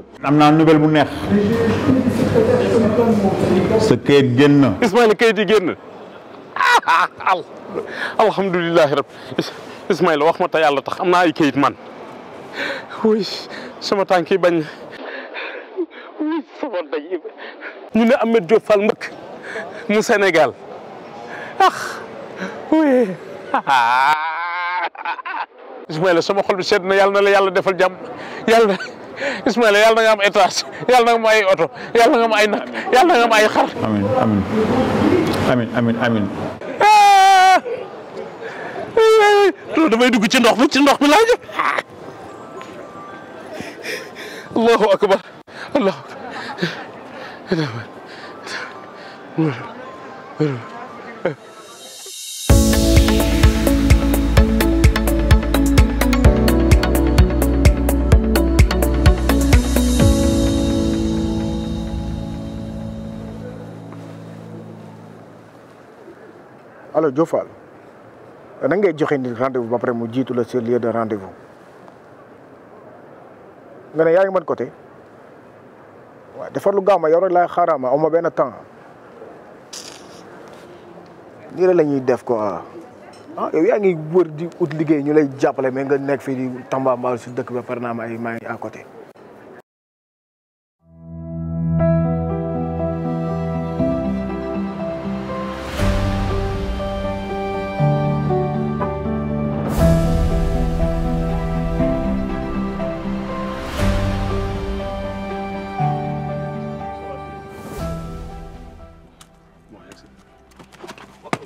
ñëw. am naa nouvelle bu neex. sa kayit génn. Ismaïla kayit yi génn alhamdulilah rab Ismaïla wax ma te yàlla tax am naa ay kayit man wuy sama tànk yi bañ wuy sama day ñu ne Ahmed Diop Fall mbëkk mu Sénégal ah oui Ismaïla sama xol bi sedd na yàlla na la yàlla defal jàmm yàlla. Ismaïla yàlla na nga am étage yàlla na nga am ay oto yàlla na nga am ay nag yàlla na nga ay xar. amiin amiin amiin amiin amiin. Ah! loolu damay dugg ci ndox mi ci ndox mi allahu akbar allahu akbar alors Diop Fall nan ngay joxe ni rendez ba pare mu jiitu la sur lieu de rendez-vous nga ne yaa ngi man côté waaw defar lu gaaw ma yow rek laay xaaraama aw ma benn temps nii la la def ko ah yow yaa ngi wër di ut liggéey ñu lay jàppale me nga nekk fii di Tamba Mbaal si dëkk ba pare naa ma ay maa ngi côté.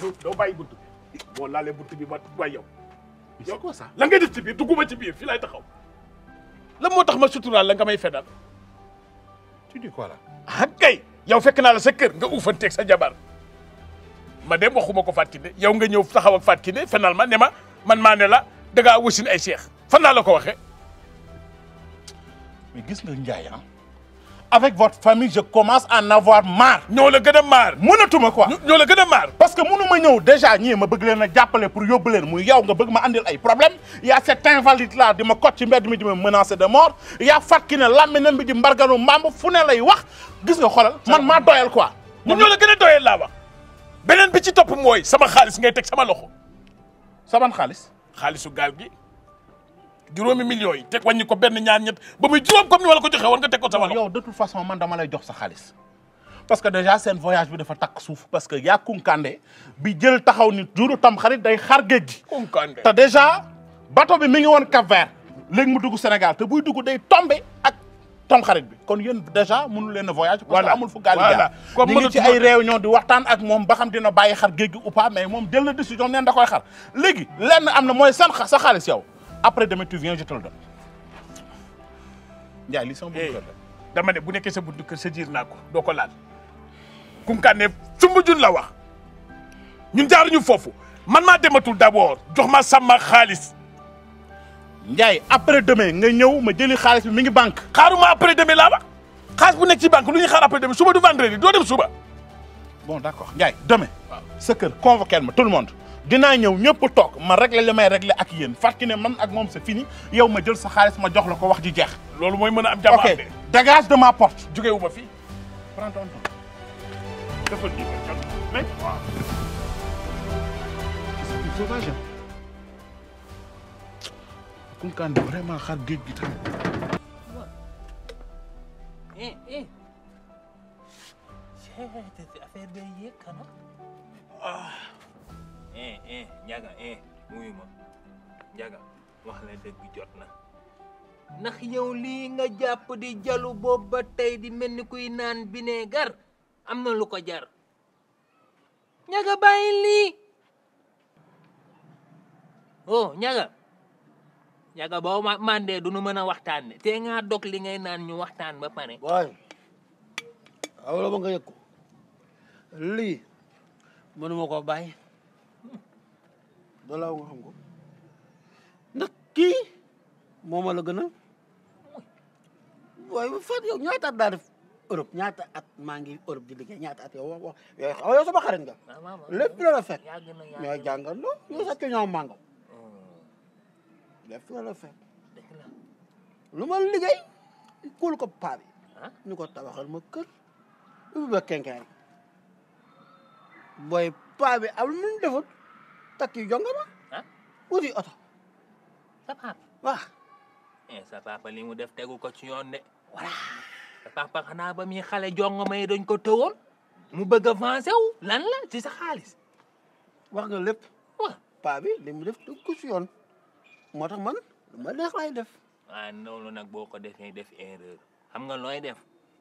doo doo bàyyi bunt bi boo laalee bunt bi ma waay yow. c'est quoi la ngay def ci biir dugguma ci biir fii laay taxaw. lan moo tax ma suturaal la nga may fedal. tu dis ah, kay yow fekk naa la nga kër a uufanteeg sa jabar ma dem waxuma ko Fatou Kiné yow nga ñëw taxaw ak Fatou Kiné fenal ma ne ma man maa ne la da ngaa wasin ay seex fan laa la ko waxee. mais gis nga Ndiaye ah. avec votre famille je commence à en avoir marre. ñoo la gën a maar mënatuma koo ñoo la gën a maar. parce que mënu ma ñëw déjà ñii ma bëgg leen a jàppale pour yóbbu leen muy yow nga bëgg ma andil ay problème y' a cet invalide là di ma kott ci mbedd mi di ma menacé de mort y' a Fatou Kiné làmminam bi di mbarganu mbaam fu ne wax gis nga xoolal. man maa doyal quoi. ñun ñoo la gën a doyal laa wax. beneen bi ci topp mooy sama xaalis ngay teg sama loxo. sama xaalis. xaalisu gaal gi. juróomi millions yi teg wàññi ko benn ñaar ñett ba muy juróom comme ko joxe woon nga teg ko sa wàll. yow de toute façon man dama lay jox sa xaalis parce que déjà seen voyage bi dafa takk suuf parce que yaa kunkande bi jël taxaw ni juru tam xarit day xar géej gi. kunkande te déjà bato bi mi ngi woon Cap léegi mu dugg Sénégal te buy dugg day tombé ak tam xarit bi kon yéen déjà mënu leen a voyage. parce que amul fu gaal jaar ñu ngi ci ay réunion di waxtaan ak moom ba xam dina bàyyi xar géej gi mais moom jël na décision neen da koy xar léegi lenn am na mooy seen sa xaalis yow après demain tu viens je te le donne. Ndiaye li sama buntu eh, la. dama ne bu nekkee sa buntu kër sa jiir naa ko doo ko laal. Koungheul sumb jun la wax ñun jaaruñu foofu man maa dematul d'abord jox ma sama xaalis. Ndiaye après demain nga ñëw ma jëli xaalis bi mi ngi banque. xaaruma après demain laa wax xaalis bu nekk ci banque lu ñuy xaar après demain suba du vendredi doo dem suba. bon d'accord Ndiaye demain. waaw sa kër convoqué ma tout le monde. dinaa ñëw ñëpp toog ma régler li may régler ak yéen fàttali man ak moom c'est fini yow ma jël sa xaalis ma jox la ko wax ji jeex. loolu mooy mën a am jàmm ok dégage de ma porte. jugee wu ma fii prends ton temps defal ji mais vraiment géej gi eh eh njaga eh muyu ma njaga wax la na ndax yow lii nga jàpp di jalu boobu ba tey di mel ni kuy naan bineegar am na lu ko jar njaga bàyyi lii oh njaga njaga boo ma mandee du nu mën a waxtaan ne te nga dog li ngay naan ñu waxtaan ba pare waay awla ba nga yëg ko lii mënuma ko bàyyi dalaaw nga xam ko. kii mooma la gën a waaye bu fekk ñaata at daa def Europe ñaata at maa ngi Europe di liggéey ñaata at yow wax wax yow xaw yow sama xarit nga. lépp la la fekk. ñooy jàngandoo ñoo sàcc ñoo mango. lépp la la fekk. lu ma liggéey kuul ko paa bi. ñu ko tabaxal ma kër. bu ba kenkeer booy paa bi am lu mu takki jongama ah wuti oto sa papa waaw sa papa li mu def tegu ko ci yoon de voilà sa papa xanaa ba muy xale jongama yi dañ ko tewoon mu bëgg a avancé wu lan la ci sa xaalis wax nga lépp waaw paa bi li mu def tegu ko yoon moo tax man ma neex lay def ah nag boo ko defee def erreur xam nga looy def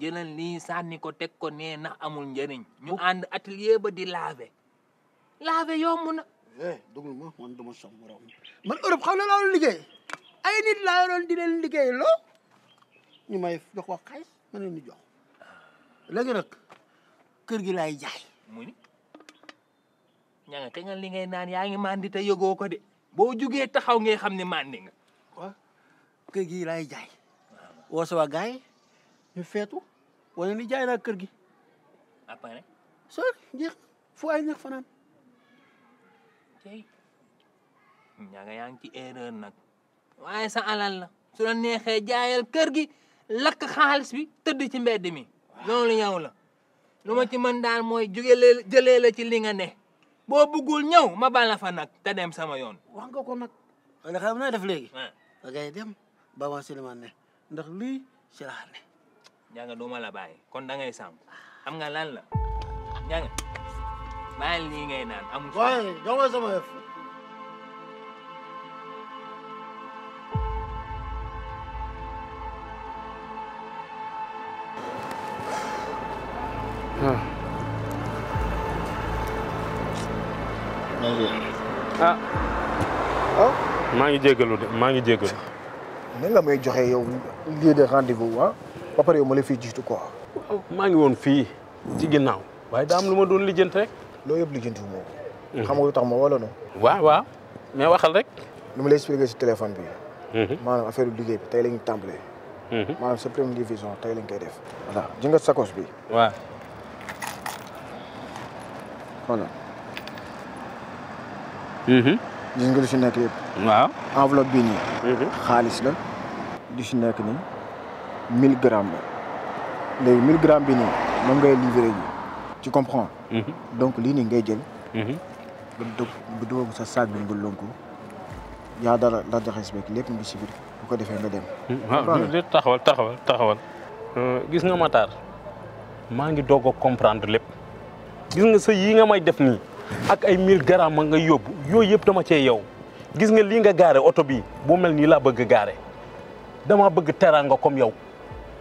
jëlal lii sànni ko teg ko nee na amul njëriñ ñu ànd atelier ba di laver laver yomb na eh déglu ma man dama sa morom man Europe xam na loolu liggéey ay nit laa yoroon di leen liggéey loo ñu may jox wax xay ma leen di jox léegi nag kër gi laay jaay. mu ni ña nga te nga li ngay naan yaa ngi mandi te yëgoo ko de boo jugee taxaw ngay xam ne mandi nga. waaw kër gi laay jaay. woo sa waa gars yi ñu feetu wala ni jaay naa kër gi. après. soo jeex fu ay nekk fanaan. tey ñaga yaa ngi ci erreur nag waaye sa alal la su la neexee jaayal kër gi lakk xaalis bi tëdd ci mbedd mi loolu yow la lu ma ci man daal mooy jóge jëlee la ci li nga ne boo bëggul ñaw ma bala fa nag te dem sama yoon wax nga ko nag wala xam naa def léegi da ngay dem ba ma Souleymane ne ndax luy si laa ne ñanga du ma la bàyyi kon da ngay sàmm xam nga lan la ñanga baal nii ngay naan amul. waaye jox ma ah. ah. maa ngi jégalu de maa ngi jégalu. nan nga may joxe yow lieu de rendez-vous ah ba yow ma la fiy jiitu quoi. maa ngi woon fii ci ginnaaw waaye daa lu ma doon lijjant rek. loolu yëpp lijjanti moo mhm. xam nga lu tax ma wala non. waa waaw mais waxal rek. nu mu lay expliqué si téléphone bi. Mhm. maanaam affaire bi liggéey bi tey la ñu tàmbalee. Mhm. maanaam sa division tey lañ koy def. voilà ji nga sakos bi. waa voilà. gis nga lu si nekk yëpp. waaw enveloppe bii nii. xaalis la. lu si nekk nii 1000 grammes la. léegi 1000 bi nii moom ngay livré yi ci comprends. Mhm. donc lii nii ngay jël. bu dë bu dugg sa saag bi nga lonku yaa dara la joxe beeg lépp ngi si bu ko defee nga dem. waaw mhm. ah, taxawal taxawal euh, gis nga Matar maa ngi doog a comprendre lépp gis nga sa yii nga may def nii ak ay 1000 ma nga yóbbu yooyu yëpp dama cee yow gis nga lii nga gaare oto bi bu mel nii laa bëgg gaare dama bëgg teraanga comme yow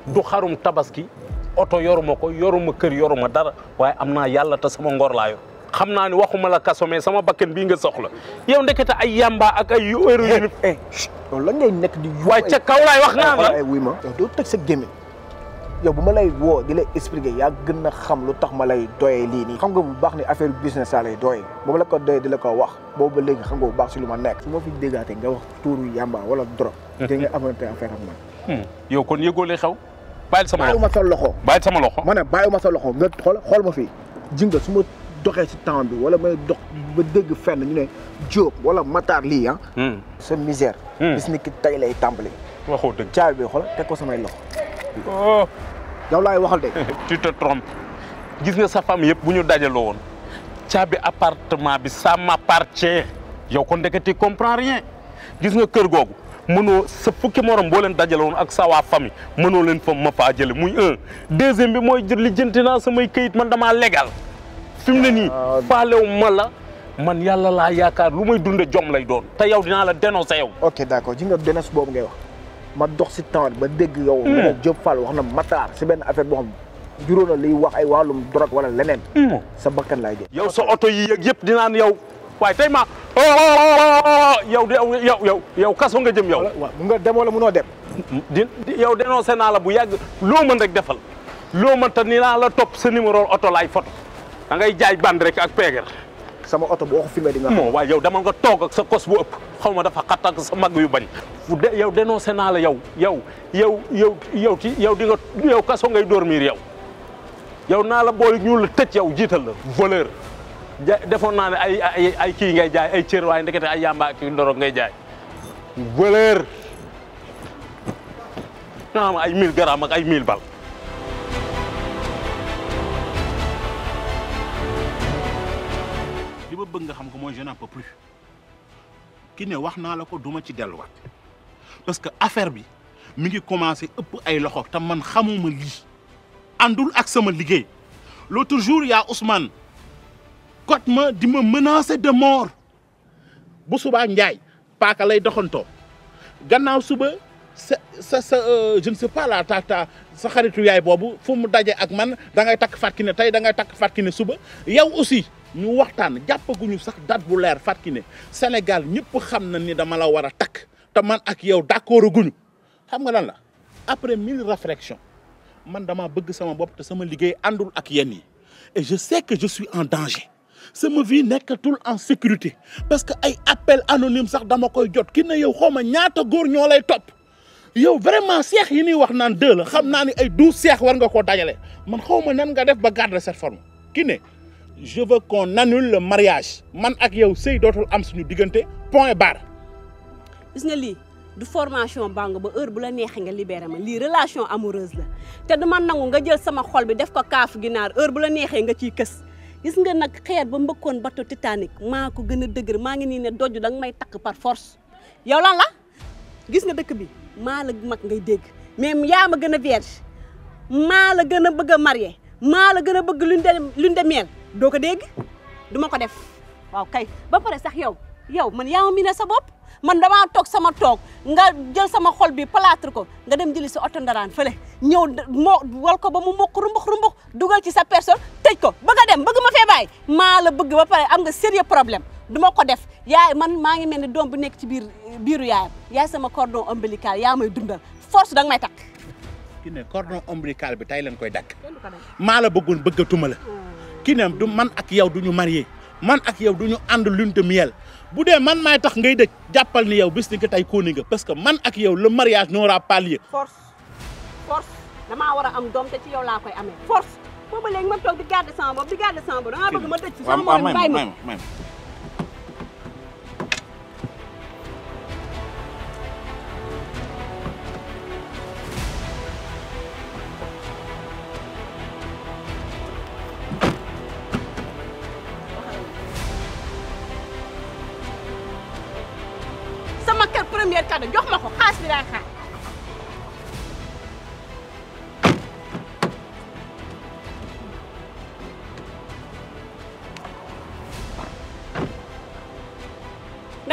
du xarum tabaski oto yoruma ko yoruma kër yoruma dara waaye am naa yàlla ta sama ngor laa yor xam naa ne waxuma la kaso sama bakkan bii nga soxla yow ndekete ay yamba ak ay heure yu. loolu eh, eh, la ngay nekk di. waaye ca kaw laay wax nga la wuy ma yow doo teg sa gémmiñ yow bu ma lay woo di lay expliquer gën a xam lu tax ma lay doyee lii nii xam nga bu baax ni affaire business laa lay doyee boobu la ko doyee di la ko wax boobu ba léegi xam nga bu baax si lu ma nekk su ma fi déggaate nga wax tuuru yamba wala drogue. Hmm. di nga affaire ak man hmm. yow kon yëgoo xew bàyyil sama loxo sa loxo. bàyyil sama loxo. ma ne bàyyiwuma sa loxo nga xool xool ma fii ji nga su ma doxee si temps bi wala may dox ba dégg fenn ñu ne Diop wala Matar lii ah. Hmm. sa misère. bis hmm. ni ki tey lay tàmbali. waxoo dëgg caabi bi xool teg samay loxo. oh. laay waxal de. tu te gis nga sa femme yëpp bu ñu dajaloo woon caabi appartement bi ça m'appartient yow kon ndekete comprends rien gis nga kër googu. ma mënoo sa fukki morom boo leen dajale woon ak sa waa famille mënoo leen fa ma faa jële muy un deuxième bi mooy li jënti naa samay këyit man damaa légal fi mu ne nii faalew ma la man yàlla laa yaakaar lu may dunde jom lay doon te yow dinaa la sa yow ok d'accord ji nga dénoncé boobu ngay wax ma dox si temps ba dégg yow mene hmm. Diop Fall wax na Matar si benn affaire boo xam juróona liy wax ay wàllum drogue wala leneen hmm. sa bakkan laay jël yow sa oto yi Oh, yow de yow yow yow kaso nga jëm yow. waaw nga dem wala mënoo dem. di yow dénoncé naa la bu yàgg loo mën rek defal loo ta ni naa la topp sa numéro oto laay foto da ngay jaay band rek ak peegar. sama oto boo waxu fi yow dama nga toog ak sa kos bu ëpp xaw ma dafa xat ak sa mag yu bañ. de yow dénoncé naa la yow yow yow yow yow ci yow di nga kaso ngay dormir yow yow naa la booy ñu la tëj yow jiital la voleur. defoon naa ne ay ay ay kii ngay jaay ay cër waaye ndekete ay yàmba ak ndorog ngay jaay valeur nga xam ay 1000 grammes ak ay 1000 bal li ma bëgg nga xam ko mooy je n'en peux plus ki ne wax naa la ko duma ci delluwaat parce que affaire bi mu ngi commencé ëpp ay loxo te man xamuma lii àndul ak sama liggéey l'autre jour yaa Ousmane kot ma di ma menacer de mort bu subaa njaay paaka lay doxantoo gannaaw suba sa sa sa euh, je ne sais sa xaritu yaay boobu fu mu daje ak man da ngay takk fàtki ne tey da ngay takk fàtki ne suba yow aussi ñu waxtaan jàppaguñu sax date bu leer fàtki ne Sénégal ñëpp xam na ni dama la war a takk te man ak yow d'accord guñu xam nga lan la après mille réflexions man dama bëgg sama bopp te sama liggéey àndul ak yenn yi et je sais que je suis en danger sama vie nekkatul en sécurité parce que ay appel anonyme sax dama koy jot ki ne yow xaw ma ñaata góor ñoo lay topp yow vraiment seex yi ñuy wax naan deux la xam naa ni ay douze seex war nga koo dajale man xaw ma nan nga def ba garder cette forme ki ne je veux qu'on annule le mariage man ak yow sëy dootul am suñu diggante point barre. gis nga lii du formation bàngo ba heure bu la neexee nga libéré ma lii relation amoureuse la te du man nangu nga jël sama xol bi def ko kaafu ginaar heure bu la neexee nga ciy kës. gis nga nag xeet ba mbëkkoon bateau Titanic maa ko gën a dëgër maa ngi nii ne doj danga may takk par force yow lan la gis nga dëkk bi maa la mag ngay dégg mais yaa ma gën a vierge maa la gën a bëgg marie marié maa la gën a bëgg lune de lune de miel doo ko dégg du ma ko def waaw kay ba pare sax yow yow man yaa ma miné sa bopp man damaa toog sama toog nga jël sama xol bi plâtre ko nga dem jëli si oto ndaraan fële ñëw moo wal ko ba mu mokk rumbux rumbux dugal ci sa personne tëj ko bëgg a dem bëgg ma fee bàyyi maa la bëgg ba pare am nga sérieux problème du ma ko def yaay man maa ngi mel ni doom bu nekk ci biir biiru yaayam yaay sama cordon ombilical yaa may dundal force danga may takk. ki ne cordon ombilical bi tey leen koy dakk maa la bëggoon bëggatuma la. Oh. ki ne man ak yow du ñu marié man ak yow du ñu ànd lune de bu dee man maay tax ngay dëj jàppal ni yow bis ni ko tey kóoni nga parce que man ak yow le mariage n'aura pas lieu. force force damaa war a am doom te ci yow laa koy amee force boobu léegi ma toog di garder sama bopp di garder sama bopp da ma dëj ci sama bopp bàyyi ma caabi jox ma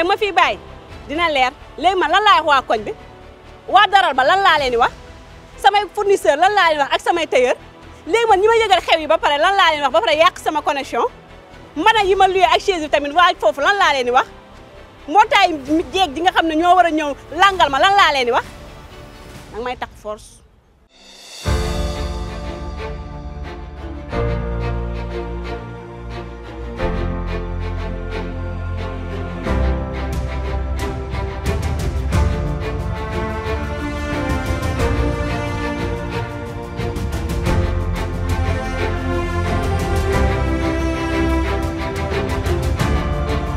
ko fii bàyyi dina leer léegi ma lan laay wax waa koñ bi waa daral ba lan laa leen di wax samay fournisseur lan laa leen wax ak samay tailleur léegi man ñi ma yëgal xew yi ba pare lan laa leen wax ba pare yàq sama connexion man a yi ma luyee ak chaise bi tamit waa foofu lan laa leen di wax. mbootaay jeeg ji nga xam ne ñoo war a ñëw langal ma lan laa leen di wax danga may tax force